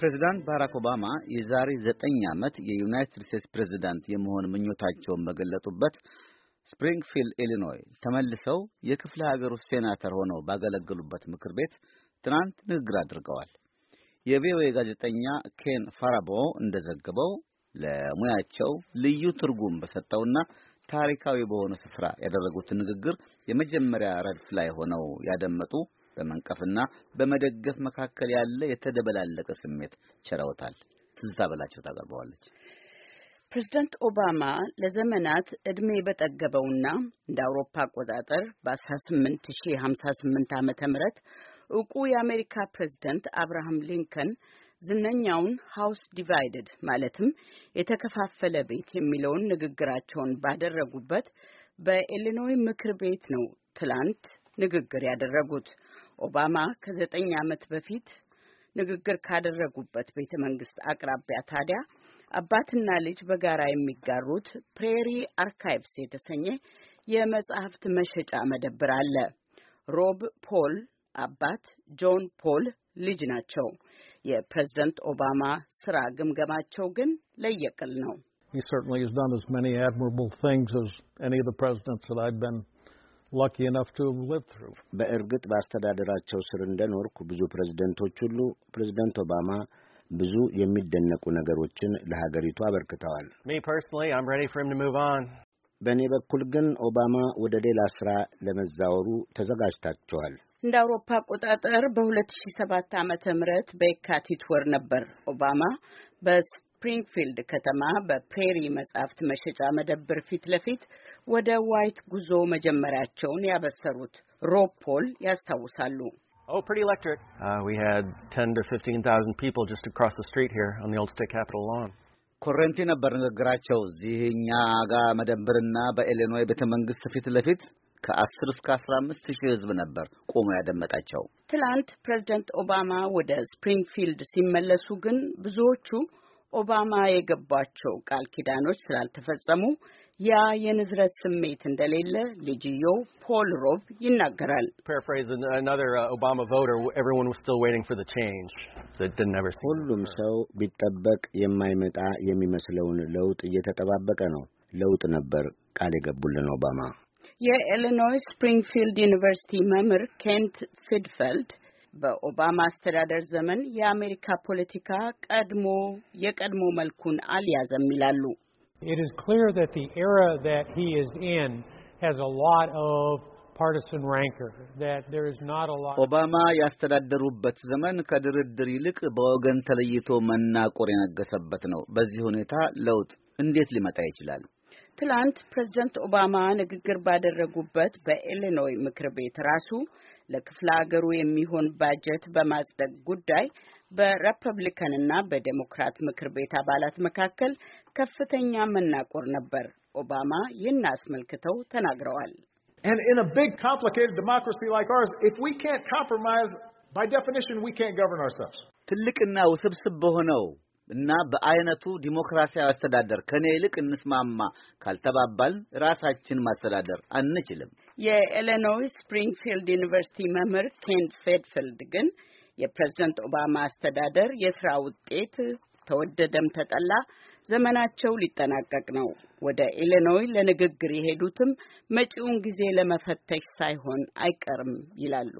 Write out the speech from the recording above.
ፕሬዚዳንት ባራክ ኦባማ የዛሬ ዘጠኝ ዓመት የዩናይትድ ስቴትስ ፕሬዚዳንት የመሆን ምኞታቸውን በገለጡበት ስፕሪንግፊልድ ኢሊኖይ ተመልሰው የክፍለ ሀገር ውስጥ ሴናተር ሆነው ባገለገሉበት ምክር ቤት ትናንት ንግግር አድርገዋል። የቪኦኤ ጋዜጠኛ ኬን ፋራቦ እንደዘገበው ለሙያቸው ልዩ ትርጉም በሰጠውና ታሪካዊ በሆነ ስፍራ ያደረጉትን ንግግር የመጀመሪያ ረድፍ ላይ ሆነው ያደመጡ በመንቀፍና በመደገፍ መካከል ያለ የተደበላለቀ ስሜት ቸረውታል። ትዝታ በላቸው ታቀርበዋለች። ፕሬዝደንት ኦባማ ለዘመናት እድሜ በጠገበውና እንደ አውሮፓ አቆጣጠር በ1858 ዓመተ ምህረት እውቁ የአሜሪካ ፕሬዝደንት አብርሃም ሊንከን ዝነኛውን ሃውስ ዲቫይድድ ማለትም የተከፋፈለ ቤት የሚለውን ንግግራቸውን ባደረጉበት በኢሊኖይ ምክር ቤት ነው ትላንት ንግግር ያደረጉት። ኦባማ ከዘጠኝ ዓመት በፊት ንግግር ካደረጉበት ቤተ መንግስት አቅራቢያ ታዲያ አባትና ልጅ በጋራ የሚጋሩት ፕሬሪ አርካይቭስ የተሰኘ የመጽሐፍት መሸጫ መደብር አለ። ሮብ ፖል አባት፣ ጆን ፖል ልጅ ናቸው። የፕሬዝደንት ኦባማ ስራ ግምገማቸው ግን ለየቅል ነው። በእርግጥ በአስተዳደራቸው ስር እንደኖርኩ ብዙ ፕሬዝደንቶች ሁሉ ፕሬዝደንት ኦባማ ብዙ የሚደነቁ ነገሮችን ለሀገሪቱ አበርክተዋል። በእኔ በኩል ግን ኦባማ ወደ ሌላ ስራ ለመዛወሩ ተዘጋጅታቸዋል። እንደ አውሮፓ አቆጣጠር በ2007 ዓመተ ምህረት በየካቲት ወር ነበር ኦባማ በስ ስፕሪንግፊልድ ከተማ በፕሬሪ መጻሕፍት መሸጫ መደብር ፊት ለፊት ወደ ዋይት ጉዞ መጀመሪያቸውን ያበሰሩት ሮብ ፖል ያስታውሳሉ። Oh, pretty electric. Uh, we had 10 to 15,000 people just across the street here on the old state capitol lawn. ኮረንቲ ነበር ንግግራቸው። እዚህ እኛ ጋ መደብርና በኢሊኖይ ቤተ መንግስት ፊት ለፊት ከ10 እስከ 15 ሺህ ህዝብ ነበር ቆሞ ያደመጣቸው። ትላንት ፕሬዝደንት ኦባማ ወደ ስፕሪንግፊልድ ሲመለሱ ግን ብዙዎቹ ኦባማ የገቧቸው ቃል ኪዳኖች ስላልተፈጸሙ ያ የንዝረት ስሜት እንደሌለ ልጅዮ ፖል ሮብ ይናገራል። uh, ሁሉም ሰው ቢጠበቅ የማይመጣ የሚመስለውን ለውጥ እየተጠባበቀ ነው። ለውጥ ነበር ቃል የገቡልን ኦባማ። የኢሊኖይ ስፕሪንግፊልድ ዩኒቨርሲቲ መምህር ኬንት ፊድፌልድ በኦባማ አስተዳደር ዘመን የአሜሪካ ፖለቲካ ቀድሞ የቀድሞ መልኩን አልያዘም ይላሉ። ኦባማ ያስተዳደሩበት ዘመን ከድርድር ይልቅ በወገን ተለይቶ መናቆር የነገሰበት ነው። በዚህ ሁኔታ ለውጥ እንዴት ሊመጣ ይችላል? ትላንት ፕሬዝደንት ኦባማ ንግግር ባደረጉበት በኢሊኖይ ምክር ቤት ራሱ ለክፍለ ሀገሩ የሚሆን ባጀት በማጽደቅ ጉዳይ በሪፐብሊካንና በዴሞክራት ምክር ቤት አባላት መካከል ከፍተኛ መናቆር ነበር። ኦባማ ይህን አስመልክተው ተናግረዋል። ትልቅና ውስብስብ በሆነው እና በአይነቱ ዲሞክራሲያዊ አስተዳደር ከኔ ይልቅ እንስማማ ካልተባባልን ራሳችን ማስተዳደር አንችልም። የኢሊኖይ ስፕሪንግፊልድ ዩኒቨርሲቲ መምህር ኬንት ፌድፊልድ ግን የፕሬዝደንት ኦባማ አስተዳደር የስራ ውጤት ተወደደም ተጠላ ዘመናቸው ሊጠናቀቅ ነው። ወደ ኢሊኖይ ለንግግር የሄዱትም መጪውን ጊዜ ለመፈተሽ ሳይሆን አይቀርም ይላሉ።